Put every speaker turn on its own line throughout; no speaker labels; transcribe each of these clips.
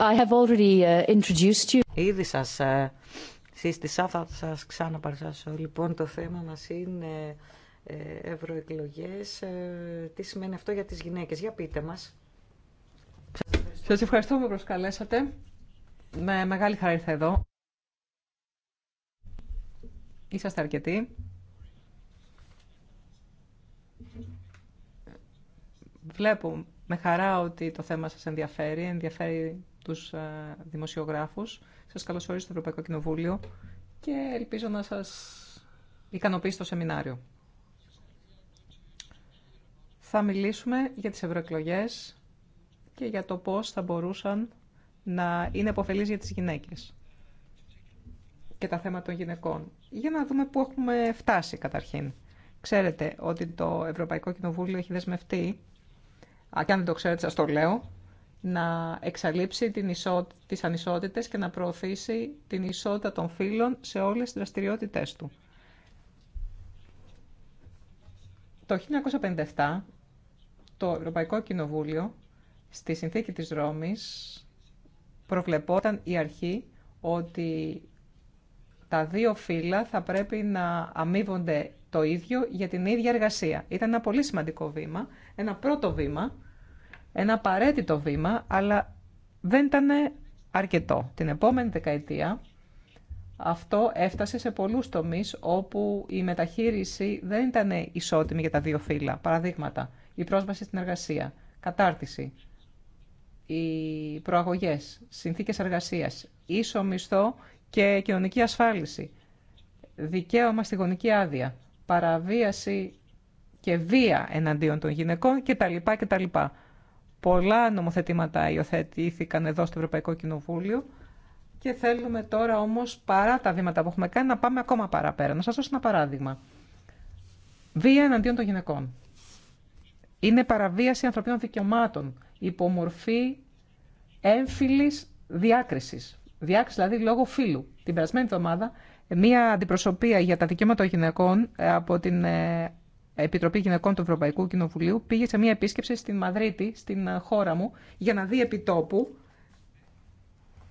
I have already uh, introduced Ήδη σας ε, σύστησα, θα σας ξαναπαρουσιάσω. Λοιπόν, το θέμα μας είναι ε, ευρωεκλογές. Ε, τι σημαίνει αυτό για τις γυναίκες. Για πείτε μας. Σας ευχαριστώ που προσκαλέσατε. Με
μεγάλη χαρά ήρθα εδώ. Είσαστε αρκετοί. Βλέπω με χαρά ότι το θέμα σας ενδιαφέρει, ενδιαφέρει τους ε, δημοσιογράφους. Σας καλωσορίζω στο Ευρωπαϊκό Κοινοβούλιο και ελπίζω να σας ικανοποιήσει το σεμινάριο. Θα μιλήσουμε για τις ευρωεκλογέ και για το πώς θα μπορούσαν να είναι επωφελείς για τις γυναίκες και τα θέματα των γυναικών. Για να δούμε πού έχουμε φτάσει καταρχήν. Ξέρετε ότι το Ευρωπαϊκό Κοινοβούλιο έχει δεσμευτεί και αν δεν το ξέρετε σας το λέω, να εξαλείψει την ισο... τις ανισότητες και να προωθήσει την ισότητα των φύλων σε όλες τις δραστηριότητές του. Το 1957 το Ευρωπαϊκό Κοινοβούλιο στη συνθήκη της Ρώμης προβλεπόταν η αρχή ότι τα δύο φύλλα θα πρέπει να αμείβονται το ίδιο για την ίδια εργασία. Ήταν ένα πολύ σημαντικό βήμα, ένα πρώτο βήμα ένα απαραίτητο βήμα, αλλά δεν ήταν αρκετό. Την επόμενη δεκαετία αυτό έφτασε σε πολλούς τομείς όπου η μεταχείριση δεν ήταν ισότιμη για τα δύο φύλλα. Παραδείγματα, η πρόσβαση στην εργασία, κατάρτιση, οι προαγωγές, συνθήκες εργασίας, ίσο μισθό και κοινωνική ασφάλιση, δικαίωμα στη γονική άδεια, παραβίαση και βία εναντίον των γυναικών κτλ. κτλ. Πολλά νομοθετήματα υιοθετήθηκαν εδώ στο Ευρωπαϊκό Κοινοβούλιο και θέλουμε τώρα όμως παρά τα βήματα που έχουμε κάνει να πάμε ακόμα παραπέρα. Να σα δώσω ένα παράδειγμα. Βία εναντίον των γυναικών. Είναι παραβίαση ανθρωπίνων δικαιωμάτων υπομορφή έμφυλη διάκρισης. Διάκριση δηλαδή λόγω φύλου. Την περασμένη εβδομάδα μία αντιπροσωπεία για τα δικαιώματα των γυναικών ε, από την ε, Επιτροπή Γυναικών του Ευρωπαϊκού Κοινοβουλίου πήγε σε μία επίσκεψη στην Μαδρίτη, στην ε, χώρα μου, για να δει επιτόπου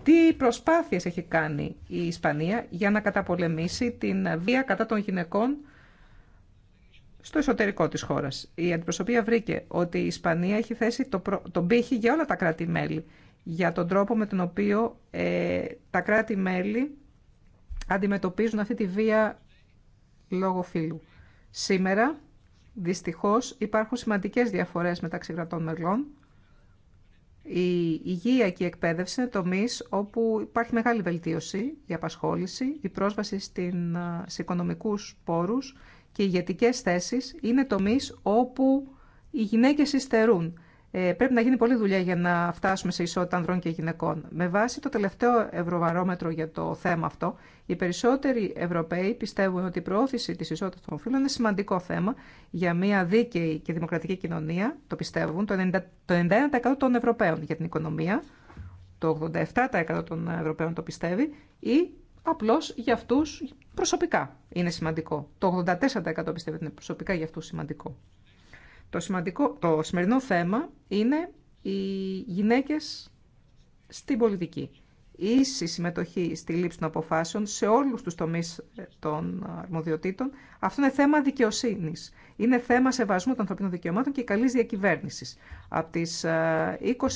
τι προσπάθειες έχει κάνει η Ισπανία για να καταπολεμήσει την βία κατά των γυναικών στο εσωτερικό της χώρας. Η αντιπροσωπεία βρήκε ότι η Ισπανία έχει θέσει το τον πύχη για όλα τα κράτη-μέλη, για τον τρόπο με τον οποίο ε, τα κράτη-μέλη αντιμετωπίζουν αυτή τη βία λόγω φύλου. Σήμερα Δυστυχώς υπάρχουν σημαντικές διαφορές μεταξύ κρατών μελών. Η υγεία και η εκπαίδευση είναι τομείς όπου υπάρχει μεγάλη βελτίωση, η απασχόληση, η πρόσβαση στην, ε, σε οικονομικούς πόρους και οι ηγετικές θέσεις είναι τομείς όπου οι γυναίκες ειστερούν. Ε, πρέπει να γίνει πολλή δουλειά για να φτάσουμε σε ισότητα ανδρών και γυναικών. Με βάση το τελευταίο ευρωβαρόμετρο για το θέμα αυτό, οι περισσότεροι Ευρωπαίοι πιστεύουν ότι η προώθηση τη ισότητα των φύλων είναι σημαντικό θέμα για μια δίκαιη και δημοκρατική κοινωνία. Το πιστεύουν το 91% των Ευρωπαίων για την οικονομία, το 87% των Ευρωπαίων το πιστεύει ή απλώ για αυτού προσωπικά είναι σημαντικό. Το 84% πιστεύει ότι είναι προσωπικά για αυτού σημαντικό. Το, σημαντικό, το σημερινό θέμα είναι οι γυναίκες στην πολιτική. Η ίση συμμετοχή στη λήψη των αποφάσεων σε όλους τους τομείς ε, των αρμοδιοτήτων. Αυτό είναι θέμα δικαιοσύνης. Είναι θέμα σεβασμού των ανθρωπίνων δικαιωμάτων και καλής διακυβέρνησης. Από τις 20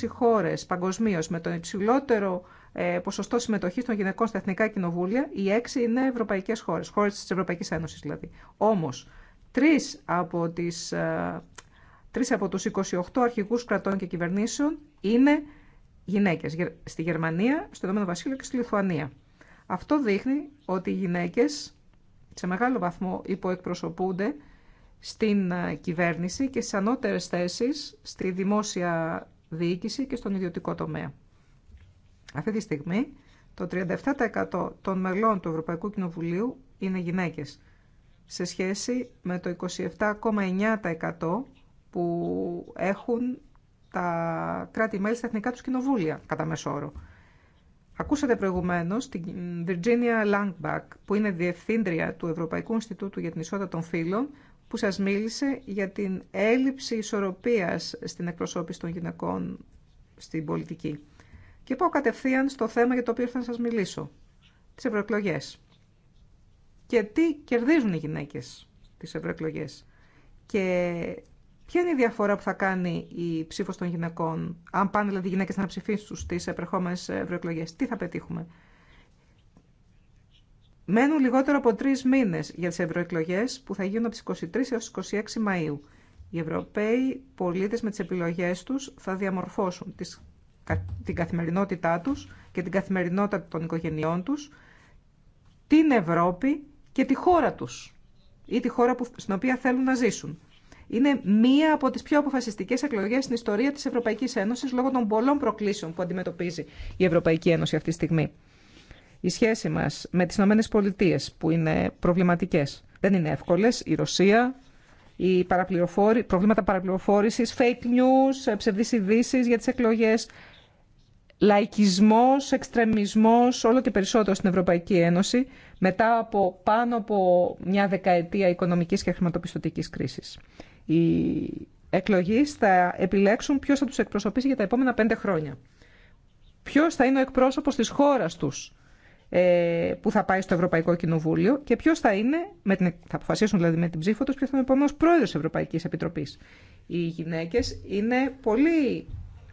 ε, χώρες παγκοσμίω με τον υψηλότερο ε, ποσοστό συμμετοχής των γυναικών στα εθνικά κοινοβούλια, οι 6 είναι ευρωπαϊκές χώρες, χώρες της Ευρωπαϊκής Ένωσης δηλαδή. Όμως, Τρεις από, τις, ε, τρεις από τους 28 αρχηγούς κρατών και κυβερνήσεων είναι γυναίκες στη Γερμανία, στο Ηνωμένο Βασίλειο και στη Λιθουανία. Αυτό δείχνει ότι οι γυναίκες σε μεγάλο βαθμό υποεκπροσωπούνται στην ε, κυβέρνηση και στις ανώτερες θέσεις στη δημόσια διοίκηση και στον ιδιωτικό τομέα. Αυτή τη στιγμή το 37% των μελών του Ευρωπαϊκού Κοινοβουλίου είναι γυναίκες σε σχέση με το 27,9% που έχουν τα κράτη-μέλη στα εθνικά τους κοινοβούλια, κατά όρο. Ακούσατε προηγουμένως την Virginia Langback, που είναι διευθύντρια του Ευρωπαϊκού Ινστιτούτου για την Ισότητα των Φύλων, που σας μίλησε για την έλλειψη ισορροπίας στην εκπροσώπηση των γυναικών στην πολιτική. Και πάω κατευθείαν στο θέμα για το οποίο ήρθα να σας μιλήσω, τις ευρωεκλογές και τι κερδίζουν οι γυναίκες τις ευρωεκλογέ. Και ποια είναι η διαφορά που θα κάνει η ψήφος των γυναικών, αν πάνε δηλαδή οι γυναίκες να ψηφίσουν στις επερχόμενες ευρωεκλογέ, τι θα πετύχουμε. Μένουν λιγότερο από τρει μήνε για τι ευρωεκλογέ που θα γίνουν από τι 23 έω τι 26 Μαου. Οι Ευρωπαίοι πολίτε με τι επιλογέ του θα διαμορφώσουν τις, την καθημερινότητά του και την καθημερινότητα των οικογενειών του, την Ευρώπη και τη χώρα τους ή τη χώρα που, στην οποία θέλουν να ζήσουν. Είναι μία από τις πιο αποφασιστικές εκλογές στην ιστορία της Ευρωπαϊκής Ένωσης λόγω των πολλών προκλήσεων που αντιμετωπίζει η Ευρωπαϊκή Ένωση αυτή τη στιγμή. Η σχέση μας με τις ΗΠΑ που είναι προβληματικές δεν είναι εύκολες. Η Ρωσία, οι προβλήματα παραπληροφόρησης, fake news, ε, ψευδείς ειδήσει για τις εκλογές, λαϊκισμός, εξτρεμισμός, όλο και περισσότερο στην Ευρωπαϊκή Ένωση, μετά από πάνω από μια δεκαετία οικονομικής και χρηματοπιστωτικής κρίσης. Οι εκλογείς θα επιλέξουν ποιος θα τους εκπροσωπήσει για τα επόμενα πέντε χρόνια. Ποιος θα είναι ο εκπρόσωπος της χώρας τους ε, που θα πάει στο Ευρωπαϊκό Κοινοβούλιο και ποιο θα είναι, με την, θα αποφασίσουν δηλαδή με την ψήφο του, ποιο θα είναι ο επόμενο πρόεδρο Ευρωπαϊκή Επιτροπή. Οι γυναίκε είναι πολύ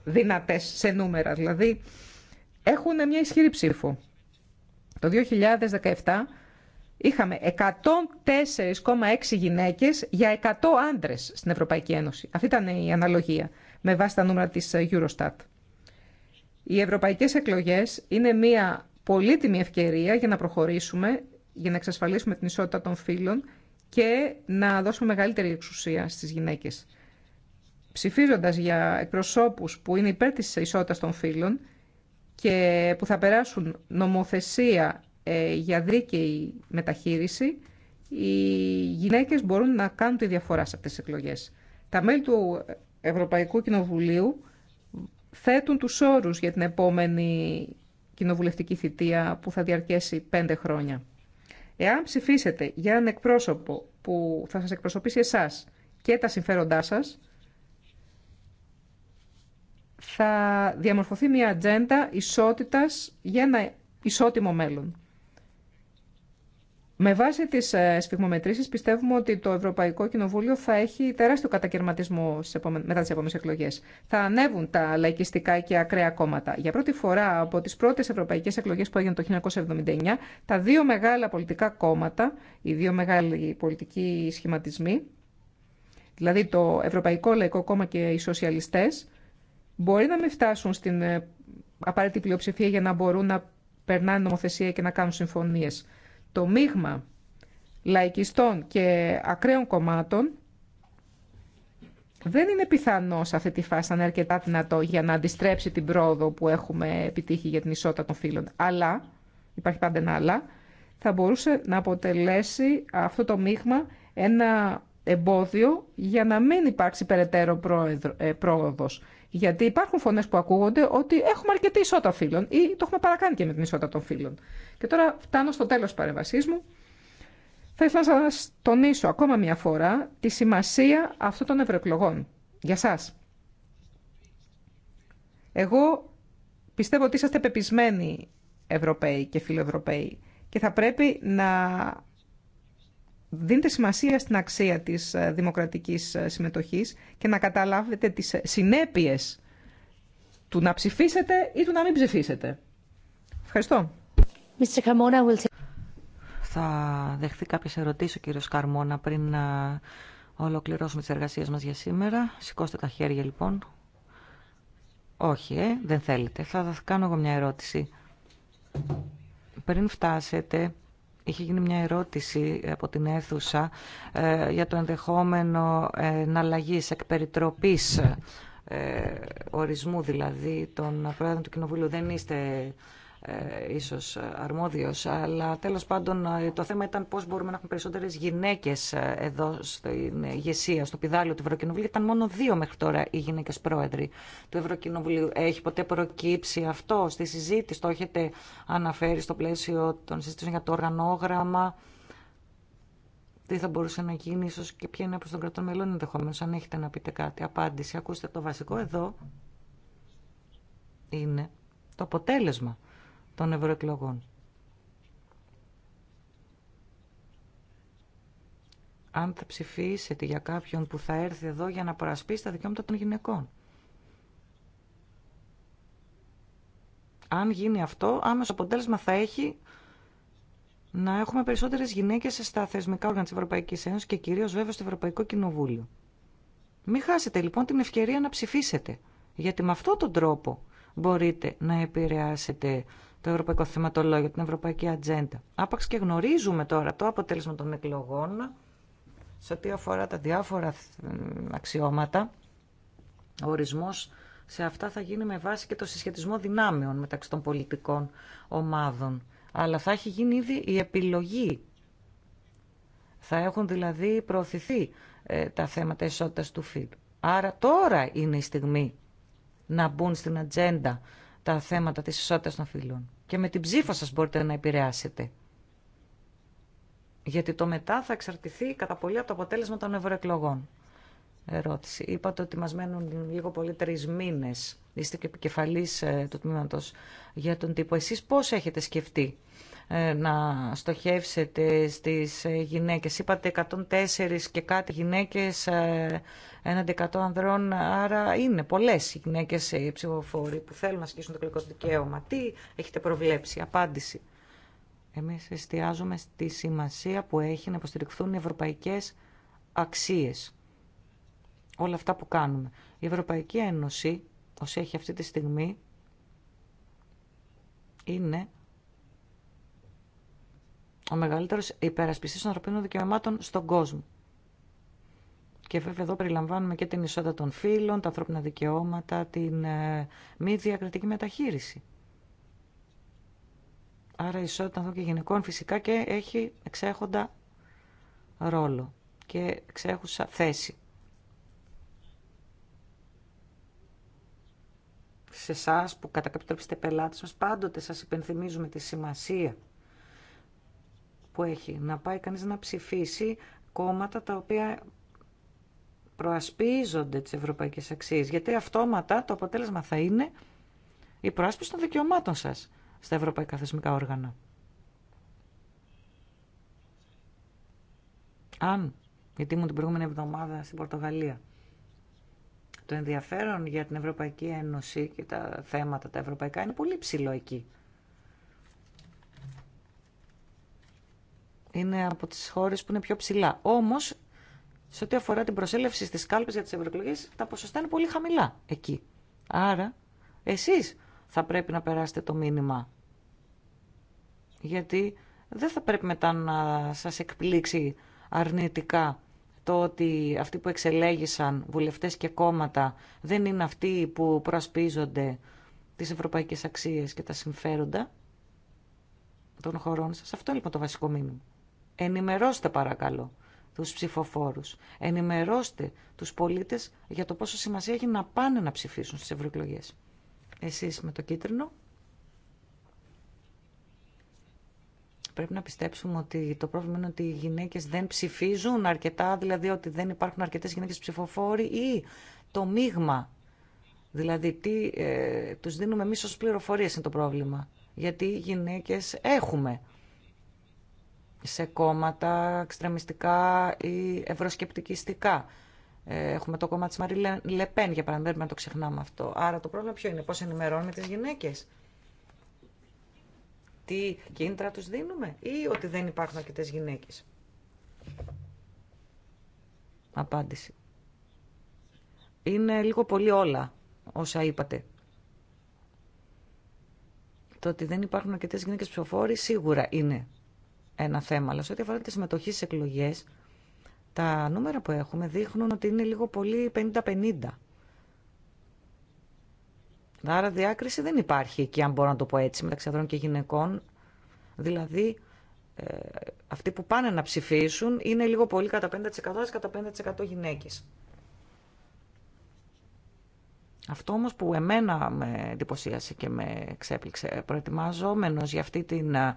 δυνατές σε νούμερα, δηλαδή έχουν μια ισχυρή ψήφο. Το 2017 είχαμε 104,6 γυναίκες για 100 άντρες στην Ευρωπαϊκή Ένωση. Αυτή ήταν η αναλογία με βάση τα νούμερα της Eurostat. Οι ευρωπαϊκές εκλογές είναι μια πολύτιμη ευκαιρία για να προχωρήσουμε, για να εξασφαλίσουμε την ισότητα των φύλων και να δώσουμε μεγαλύτερη εξουσία στις γυναίκες ψηφίζοντας για εκπροσώπους που είναι υπέρ της ισότητας των φύλων και που θα περάσουν νομοθεσία ε, για δίκαιη μεταχείριση, οι γυναίκες μπορούν να κάνουν τη διαφορά σε αυτές τις εκλογές. Τα μέλη του Ευρωπαϊκού Κοινοβουλίου θέτουν τους όρους για την επόμενη κοινοβουλευτική θητεία που θα διαρκέσει πέντε χρόνια. Εάν ψηφίσετε για έναν εκπρόσωπο που θα σας εκπροσωπήσει εσάς και τα συμφέροντά σας, θα διαμορφωθεί μια ατζέντα ισότητας για ένα ισότιμο μέλλον. Με βάση τις ε, σφιγμομετρήσεις πιστεύουμε ότι το Ευρωπαϊκό Κοινοβούλιο θα έχει τεράστιο κατακαιρματισμό μετά τις επόμενες εκλογές. Θα ανέβουν τα λαϊκιστικά και ακραία κόμματα. Για πρώτη φορά από τις πρώτες ευρωπαϊκές εκλογές που έγιναν το 1979, τα δύο μεγάλα πολιτικά κόμματα, οι δύο μεγάλοι πολιτικοί σχηματισμοί, δηλαδή το Ευρωπαϊκό Λαϊκό Κόμμα και οι Σοσιαλιστές, μπορεί να μην φτάσουν στην ε, απαραίτητη πλειοψηφία για να μπορούν να περνάνε νομοθεσία και να κάνουν συμφωνίες. Το μείγμα λαϊκιστών και ακραίων κομμάτων δεν είναι πιθανό σε αυτή τη φάση να είναι αρκετά δυνατό για να αντιστρέψει την πρόοδο που έχουμε επιτύχει για την ισότητα των φύλων. Αλλά, υπάρχει πάντα ένα αλλά, θα μπορούσε να αποτελέσει αυτό το μείγμα ένα εμπόδιο για να μην υπάρξει περαιτέρω ε, πρόοδος. Γιατί υπάρχουν φωνέ που ακούγονται ότι έχουμε αρκετή ισότητα φίλων ή το έχουμε παρακάνει και με την ισότητα των φίλων. Και τώρα φτάνω στο τέλο τη παρεμβασή μου. Θα ήθελα να σα τονίσω ακόμα μια φορά τη σημασία αυτών των ευρωεκλογών για εσά. Εγώ πιστεύω ότι είσαστε πεπισμένοι Ευρωπαίοι και φιλοευρωπαίοι και θα πρέπει να δίνετε σημασία στην αξία της ε, δημοκρατικής ε, συμμετοχής και να καταλάβετε τις ε, συνέπειες
του να ψηφίσετε ή του να μην ψηφίσετε. Ευχαριστώ. Θα δεχθεί κάποιες ερωτήσεις ο κύριος Καρμόνα πριν να ολοκληρώσουμε τις εργασίες μας για σήμερα. Σηκώστε τα χέρια λοιπόν. Όχι, ε, δεν θέλετε. Θα κάνω εγώ μια ερώτηση. Πριν φτάσετε Είχε γίνει μια ερώτηση από την αίθουσα ε, για το ενδεχόμενο ε, εναλλαγής, εκπεριτροπής ε, ορισμού δηλαδή των πρόεδρων του Κοινοβούλου. Δεν είστε ε, ίσως αρμόδιος, αλλά τέλος πάντων ε, το θέμα ήταν πώς μπορούμε να έχουμε περισσότερες γυναίκες ε, εδώ στην ηγεσία, στο πιδάλιο του Ευρωκοινοβουλίου. Ήταν μόνο δύο μέχρι τώρα οι γυναίκες πρόεδροι του Ευρωκοινοβουλίου. Έχει ποτέ προκύψει αυτό στη συζήτηση, το έχετε αναφέρει στο πλαίσιο των συζήτησεων για το οργανόγραμμα. Τι θα μπορούσε να γίνει, ίσω και ποια είναι προ τον κρατών μελών ενδεχομένω, αν έχετε να πείτε κάτι. Απάντηση. Ακούστε, το βασικό εδώ είναι το αποτέλεσμα των ευρωεκλογών. Αν θα ψηφίσετε για κάποιον που θα έρθει εδώ για να παρασπίσει τα δικαιώματα των γυναικών. Αν γίνει αυτό, άμεσο αποτέλεσμα θα έχει να έχουμε περισσότερες γυναίκες στα θεσμικά όργανα της Ευρωπαϊκής Ένωσης και κυρίως βέβαια στο Ευρωπαϊκό Κοινοβούλιο. Μην χάσετε λοιπόν την ευκαιρία να ψηφίσετε, γιατί με αυτόν τον τρόπο μπορείτε να επηρεάσετε το ευρωπαϊκό θεματολόγιο, την ευρωπαϊκή ατζέντα. Άπαξ και γνωρίζουμε τώρα το αποτέλεσμα των εκλογών σε ό,τι αφορά τα διάφορα αξιώματα. Ο ορισμός σε αυτά θα γίνει με βάση και το συσχετισμό δυνάμεων μεταξύ των πολιτικών ομάδων. Αλλά θα έχει γίνει ήδη η επιλογή. Θα έχουν δηλαδή προωθηθεί ε, τα θέματα ισότητας του φύλου. Άρα τώρα είναι η στιγμή να μπουν στην ατζέντα τα θέματα της ισότητας των φίλων Και με την ψήφο σας μπορείτε να επηρεάσετε. Γιατί το μετά θα εξαρτηθεί κατά πολύ από το αποτέλεσμα των ευρωεκλογών. Ερώτηση. Είπατε ότι μας μένουν λίγο πολύ τρεις μήνες. Είστε και επικεφαλής ε, του τμήματος για τον τύπο. Εσείς πώς έχετε σκεφτεί ε, να στοχεύσετε στις ε, γυναίκες. Είπατε 104 και κάτι γυναίκες ε, έναντι 100 ανδρών, άρα είναι πολλές οι γυναίκες οι ψηφοφόροι που θέλουν να ασκήσουν το εκλογικό δικαίωμα. Τι έχετε προβλέψει, απάντηση. Εμείς εστιάζουμε στη σημασία που έχει να υποστηριχθούν οι ευρωπαϊκές αξίες. Όλα αυτά που κάνουμε. Η Ευρωπαϊκή Ένωση, όσο έχει αυτή τη στιγμή, είναι ο μεγαλύτερος υπερασπιστής των ανθρωπίνων δικαιωμάτων στον κόσμο. Και βέβαια εδώ περιλαμβάνουμε και την ισότητα των φύλων, τα ανθρώπινα δικαιώματα, την ε, μη διακριτική μεταχείριση. Άρα η ισότητα των και γυναικών φυσικά και έχει εξέχοντα ρόλο και εξέχουσα θέση. Σε εσά που κατά κάποιο τρόπο είστε μας, πάντοτε σας υπενθυμίζουμε τη σημασία που έχει. Να πάει κανείς να ψηφίσει κόμματα τα οποία προασπίζονται τις ευρωπαϊκές αξίες. Γιατί αυτόματα το αποτέλεσμα θα είναι η προάσπιση των δικαιωμάτων σας στα ευρωπαϊκά θεσμικά όργανα. Αν, γιατί ήμουν την προηγούμενη εβδομάδα στην Πορτογαλία, το ενδιαφέρον για την Ευρωπαϊκή Ένωση και τα θέματα τα ευρωπαϊκά είναι πολύ ψηλό εκεί. είναι από τις χώρες που είναι πιο ψηλά. Όμως, σε ό,τι αφορά την προσέλευση στις κάλπες για τις ευρωεκλογέ, τα ποσοστά είναι πολύ χαμηλά εκεί. Άρα, εσείς θα πρέπει να περάσετε το μήνυμα. Γιατί δεν θα πρέπει μετά να σας εκπλήξει αρνητικά το ότι αυτοί που εξελέγησαν βουλευτές και κόμματα δεν είναι αυτοί που προασπίζονται τις ευρωπαϊκές αξίες και τα συμφέροντα των χωρών σας. Αυτό είναι λοιπόν το βασικό μήνυμα. Ενημερώστε παρακαλώ τους ψηφοφόρους. Ενημερώστε τους πολίτες για το πόσο σημασία έχει να πάνε να ψηφίσουν στις ευρωεκλογέ. Εσείς με το κίτρινο. Πρέπει να πιστέψουμε ότι το πρόβλημα είναι ότι οι γυναίκες δεν ψηφίζουν αρκετά, δηλαδή ότι δεν υπάρχουν αρκετές γυναίκες ψηφοφόροι ή το μείγμα. Δηλαδή τι ε, τους δίνουμε εμείς ως πληροφορίες είναι το πρόβλημα. Γιατί οι γυναίκες έχουμε σε κόμματα εξτρεμιστικά ή ευρωσκεπτικιστικά. Ε, έχουμε το κόμμα τη Μαρή Λεπέν, για παράδειγμα, να το ξεχνάμε αυτό. Άρα το πρόβλημα ποιο είναι, πώ ενημερώνουμε τις γυναίκες. Τι κίνητρα τους δίνουμε ή ότι δεν υπάρχουν αρκετέ γυναίκες. Απάντηση. Είναι λίγο πολύ όλα όσα είπατε. Το ότι δεν υπάρχουν αρκετέ γυναίκε ψηφοφόροι σίγουρα είναι ένα θέμα. Αλλά σε ό,τι αφορά τη συμμετοχή στι εκλογέ, τα νούμερα που έχουμε δείχνουν ότι είναι λίγο πολύ 50-50. Άρα διάκριση δεν υπάρχει εκεί, αν μπορώ να το πω έτσι, μεταξύ ανδρών και γυναικών. Δηλαδή, ε, αυτοί που πάνε να ψηφίσουν είναι λίγο πολύ κατά 5% κατά 5% γυναίκες. Αυτό όμως που εμένα με εντυπωσίασε και με ξέπληξε, προετοιμάζομενος για αυτή την ε,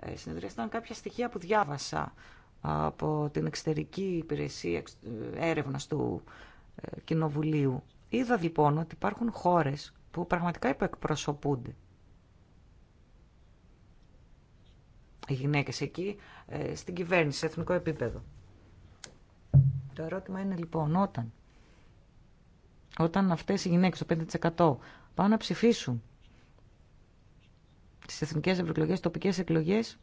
ε, Συνεδριάστηκαν κάποια στοιχεία που διάβασα από την εξωτερική υπηρεσία ε, έρευνας του ε, Κοινοβουλίου. Είδα λοιπόν ότι υπάρχουν χώρες που πραγματικά υποεκπροσωπούνται. Οι γυναίκες εκεί, στην κυβέρνηση, σε εθνικό επίπεδο. Το ερώτημα είναι λοιπόν όταν, όταν αυτές οι γυναίκες, το 5% πάνε να ψηφίσουν, τις εθνικές ευρωεκλογές, τοπικές εκλογές.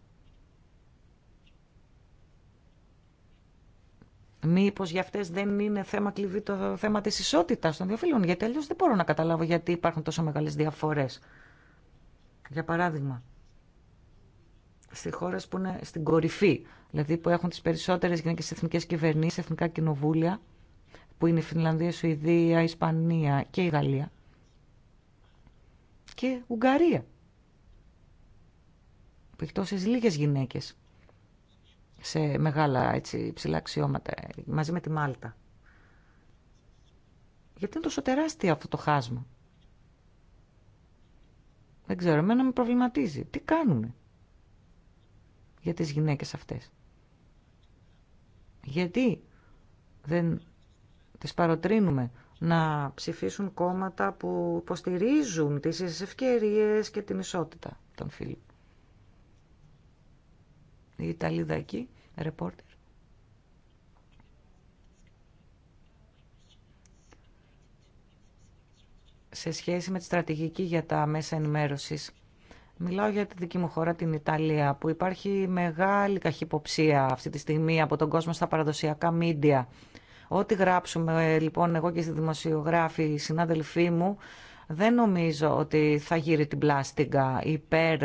Μήπω για αυτέ δεν είναι θέμα κλειδί το θέμα τη ισότητα των δύο γιατί αλλιώ δεν μπορώ να καταλάβω γιατί υπάρχουν τόσο μεγάλε διαφορέ. Για παράδειγμα, στι χώρε που είναι στην κορυφή, δηλαδή που έχουν τι περισσότερε γυναίκε εθνικέ κυβερνήσει, εθνικά κοινοβούλια, που είναι η Φινλανδία, η Σουηδία, η Ισπανία και η Γαλλία. Και Ουγγαρία που έχει τόσες λίγες γυναίκες σε μεγάλα έτσι, ψηλά αξιώματα μαζί με τη Μάλτα. Γιατί είναι τόσο τεράστιο αυτό το χάσμα. Δεν ξέρω, εμένα με προβληματίζει. Τι κάνουμε για τις γυναίκες αυτές. Γιατί δεν τις παροτρύνουμε να ψηφίσουν κόμματα που υποστηρίζουν τις ευκαιρίες και την ισότητα των φίλων η Ιταλίδα εκεί, ρεπόρτερ. Σε σχέση με τη στρατηγική για τα μέσα ενημέρωσης, μιλάω για τη δική μου χώρα, την Ιταλία, που υπάρχει μεγάλη καχυποψία αυτή τη στιγμή από τον κόσμο στα παραδοσιακά μίντια. Ό,τι γράψουμε λοιπόν εγώ και στη δημοσιογράφη, οι συνάδελφοί μου, δεν νομίζω ότι θα γύρει την πλάστιγκα υπέρ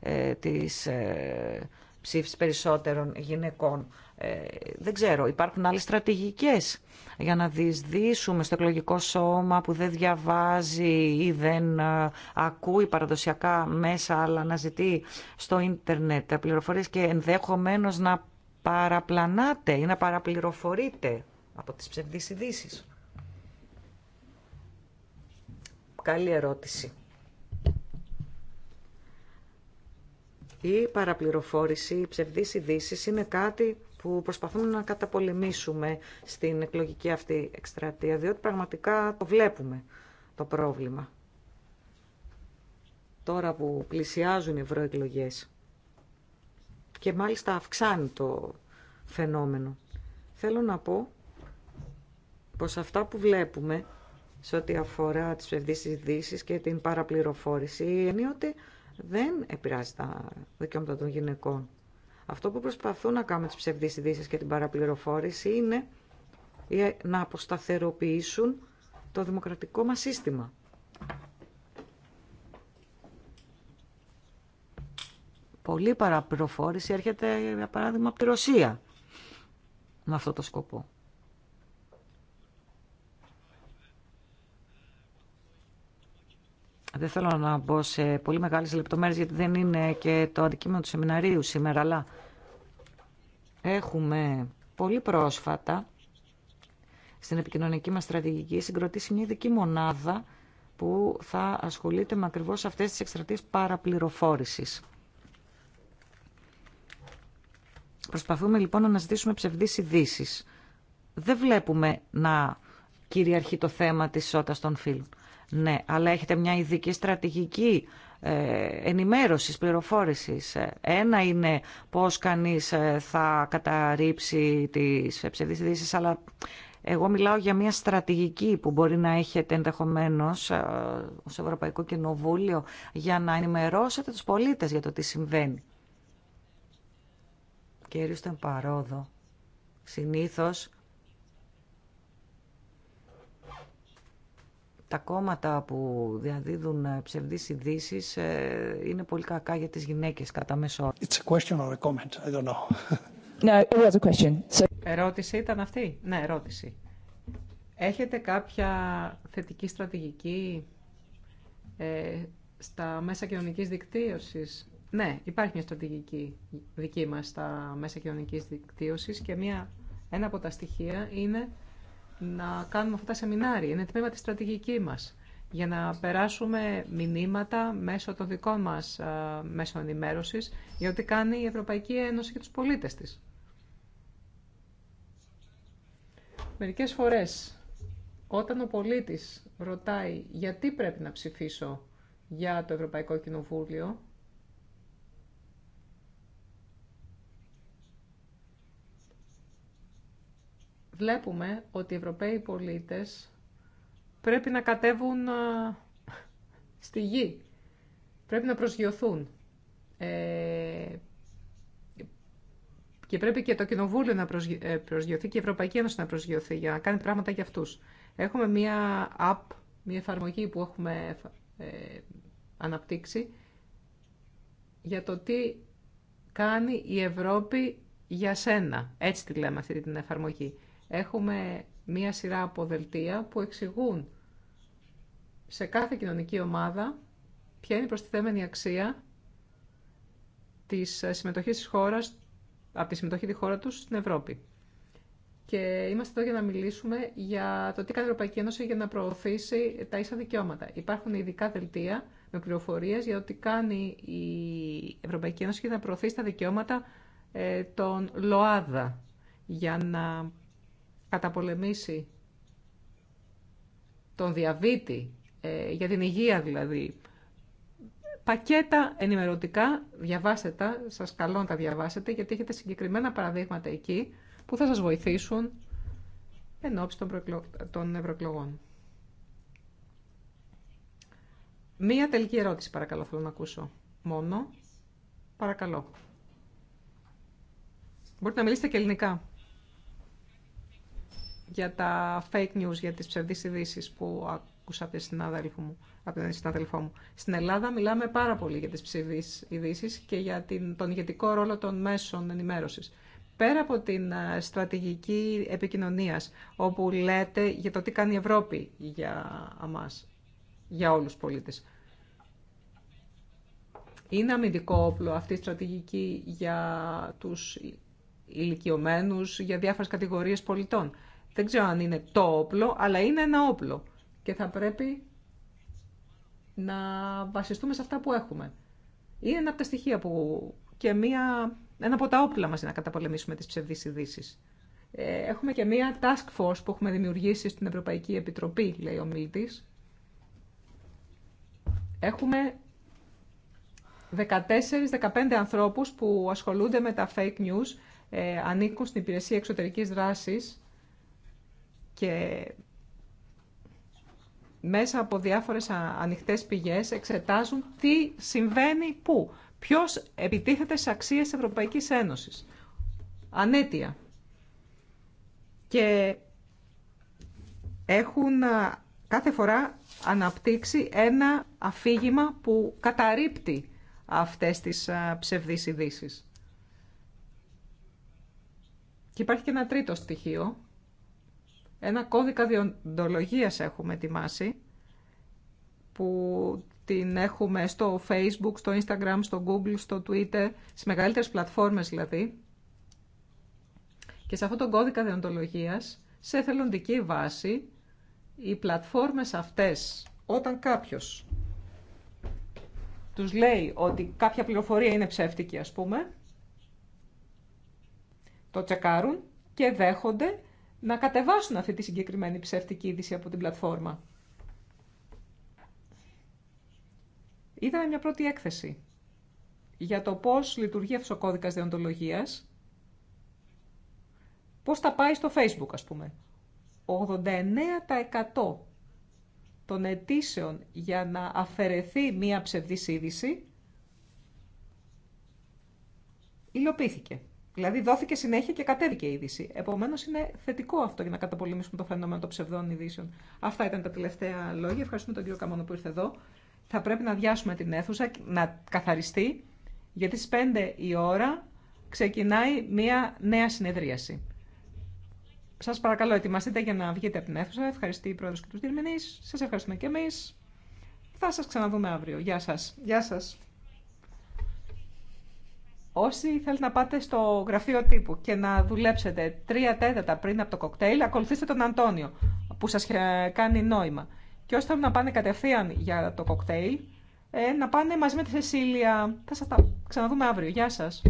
ε, της ε, ψήφιση περισσότερων γυναικών. Ε, δεν ξέρω, υπάρχουν άλλες στρατηγικές για να διεισδύσουμε στο εκλογικό σώμα που δεν διαβάζει ή δεν ε, ακούει παραδοσιακά μέσα αλλά να ζητεί στο ίντερνετ τα πληροφορίες και ενδεχομένως να παραπλανάτε ή να παραπληροφορείτε από τις ψευδείς ειδήσει. Καλή ερώτηση. Η παραπληροφόρηση, οι ψευδείς ειδήσει είναι κάτι που προσπαθούμε να καταπολεμήσουμε στην εκλογική αυτή εκστρατεία, διότι πραγματικά το βλέπουμε το πρόβλημα. Τώρα που πλησιάζουν οι ευρωεκλογέ. Και μάλιστα αυξάνει το φαινόμενο. Θέλω να πω πως αυτά που βλέπουμε σε ό,τι αφορά τις ψευδείς ειδήσει και την παραπληροφόρηση είναι ότι δεν επηρεάζει τα δικαιώματα των γυναικών. Αυτό που προσπαθούν να κάνουν τις ψευδείς ειδήσει και την παραπληροφόρηση είναι να αποσταθεροποιήσουν το δημοκρατικό μας σύστημα. Πολύ παραπληροφόρηση έρχεται, για παράδειγμα, από τη Ρωσία με αυτό το σκοπό. Δεν θέλω να μπω σε πολύ μεγάλες λεπτομέρειες γιατί δεν είναι και το αντικείμενο του σεμιναρίου σήμερα, αλλά έχουμε πολύ πρόσφατα στην επικοινωνική μας στρατηγική συγκροτήσει μια ειδική μονάδα που θα ασχολείται με ακριβώς αυτές τις εκστρατείες παραπληροφόρησης. Προσπαθούμε λοιπόν να αναζητήσουμε ψευδείς ειδήσει. Δεν βλέπουμε να κυριαρχεί το θέμα της σώτας των φίλων. Ναι, αλλά έχετε μια ειδική στρατηγική ε, ενημέρωσης, πληροφόρησης. Ένα είναι πώς κανείς ε, θα καταρρύψει τις ψευδείς αλλά εγώ μιλάω για μια στρατηγική που μπορεί να έχετε ενδεχομένως ε, ως Ευρωπαϊκό Κοινοβούλιο για να ενημερώσετε τους πολίτες για το τι συμβαίνει. Κύριο στον συνήθως τα κόμματα που διαδίδουν ε, ψευδείς ειδήσει ε, είναι πολύ κακά για τις γυναίκες κατά μέσο It's a question or a comment, I No, Ερώτηση
ήταν αυτή. Ναι, ερώτηση. Έχετε κάποια θετική στρατηγική ε, στα μέσα κοινωνικής δικτύωσης. Ναι, υπάρχει μια στρατηγική δική μας στα μέσα κοινωνικής δικτύωσης και μια, ένα από τα στοιχεία είναι να κάνουμε αυτά τα σεμινάρια. Είναι τμήμα της στρατηγική μας για να περάσουμε μηνύματα μέσω των δικών μας μέσων ενημέρωση για ό,τι κάνει η Ευρωπαϊκή Ένωση και του πολίτε της. Μερικές φορές, όταν ο πολίτης ρωτάει γιατί πρέπει να ψηφίσω για το Ευρωπαϊκό Κοινοβούλιο, βλέπουμε ότι οι Ευρωπαίοι πολίτες πρέπει να κατέβουν στη γη, πρέπει να προσγειωθούν. Ε, και πρέπει και το Κοινοβούλιο να ε, προσγειωθεί και η Ευρωπαϊκή Ένωση να προσγειωθεί για να κάνει πράγματα για αυτούς. Έχουμε μία app, μία εφαρμογή που έχουμε ε, αναπτύξει για το τι κάνει η Ευρώπη για σένα. Έτσι τη λέμε αυτή την εφαρμογή. Έχουμε μία σειρά από δελτία που εξηγούν σε κάθε κοινωνική ομάδα ποια είναι η προστιθέμενη αξία της συμμετοχής της χώρας, από τη συμμετοχή τη χώρα τους στην Ευρώπη. Και είμαστε εδώ για να μιλήσουμε για το τι κάνει η Ευρωπαϊκή Ένωση για να προωθήσει τα ίσα δικαιώματα. Υπάρχουν ειδικά δελτία με πληροφορίες για το τι κάνει η Ευρωπαϊκή Ένωση για να προωθήσει τα δικαιώματα ε, των ΛΟΑΔΑ για να καταπολεμήσει τον διαβήτη, ε, για την υγεία δηλαδή, πακέτα ενημερωτικά, διαβάστε τα, σας καλώ να τα διαβάσετε, γιατί έχετε συγκεκριμένα παραδείγματα εκεί που θα σας βοηθήσουν εν ώψη των ευρωεκλογών. Μία τελική ερώτηση παρακαλώ θέλω να ακούσω. Μόνο. Παρακαλώ. Μπορείτε να μιλήσετε και ελληνικά για τα fake news, για τις ψευδείς ειδήσει που άκουσα από, την μου, από συνάδελφό μου. Στην Ελλάδα μιλάμε πάρα πολύ για τις ψευδείς ειδήσει και για την, τον ηγετικό ρόλο των μέσων ενημέρωσης. Πέρα από την ε, στρατηγική επικοινωνίας, όπου λέτε για το τι κάνει η Ευρώπη για αμάς, για όλους τους πολίτες. Είναι αμυντικό όπλο αυτή η στρατηγική για τους ηλικιωμένους, για διάφορες κατηγορίες πολιτών. Δεν ξέρω αν είναι το όπλο, αλλά είναι ένα όπλο. Και θα πρέπει να βασιστούμε σε αυτά που έχουμε. Είναι ένα από τα στοιχεία που και μία, ένα από τα όπλα μας είναι να καταπολεμήσουμε τις ψευδείς ειδήσει. Ε, έχουμε και μία task force που έχουμε δημιουργήσει στην Ευρωπαϊκή Επιτροπή, λέει ο μιλητής. Έχουμε 14-15 ανθρώπους που ασχολούνται με τα fake news, ε, ανήκουν στην υπηρεσία εξωτερικής δράσης και μέσα από διάφορες ανοιχτές πηγές εξετάζουν τι συμβαίνει πού. Ποιος επιτίθεται στις αξίες της Ευρωπαϊκής Ένωσης. Ανέτεια. Και έχουν κάθε φορά αναπτύξει ένα αφήγημα που καταρρύπτει αυτές τις ψευδείς ειδήσει. Και υπάρχει και ένα τρίτο στοιχείο ένα κώδικα διοντολογίας έχουμε ετοιμάσει που την έχουμε στο Facebook, στο Instagram, στο Google, στο Twitter, στις μεγαλύτερες πλατφόρμες δηλαδή. Και σε αυτόν τον κώδικα διοντολογίας, σε εθελοντική βάση, οι πλατφόρμες αυτές, όταν κάποιος τους λέει ότι κάποια πληροφορία είναι ψεύτικη ας πούμε, το τσεκάρουν και δέχονται να κατεβάσουν αυτή τη συγκεκριμένη ψεύτικη είδηση από την πλατφόρμα. Είδαμε μια πρώτη έκθεση για το πώς λειτουργεί αυτός ο κώδικας διοντολογίας, πώς τα πάει στο facebook ας πούμε. 89% των αιτήσεων για να αφαιρεθεί μία ψευδής είδηση υλοποιήθηκε. Δηλαδή δόθηκε συνέχεια και κατέβηκε η είδηση. Επομένω είναι θετικό αυτό για να καταπολεμήσουμε το φαινόμενο των ψευδών ειδήσεων. Αυτά ήταν τα τελευταία λόγια. Ευχαριστούμε τον κύριο Καμόνο που ήρθε εδώ. Θα πρέπει να διάσουμε την αίθουσα, να καθαριστεί, γιατί στι 5 η ώρα ξεκινάει μία νέα συνεδρίαση. Σα παρακαλώ, ετοιμαστείτε για να βγείτε από την αίθουσα. Ευχαριστεί η Πρόεδρος και του Διερμηνείς. Σας ευχαριστούμε και εμεί. Θα σα ξαναδούμε αύριο. Γεια σα. Γεια σας. Όσοι θέλετε να πάτε στο γραφείο τύπου και να δουλέψετε τρία τέταρτα πριν από το κοκτέιλ, ακολουθήστε τον Αντώνιο, που σας κάνει νόημα. Και όσοι θέλουν να πάνε κατευθείαν για το κοκτέιλ, ε, να πάνε μαζί με τη Σεσίλια. Θα σας τα ξαναδούμε αύριο. Γεια σας.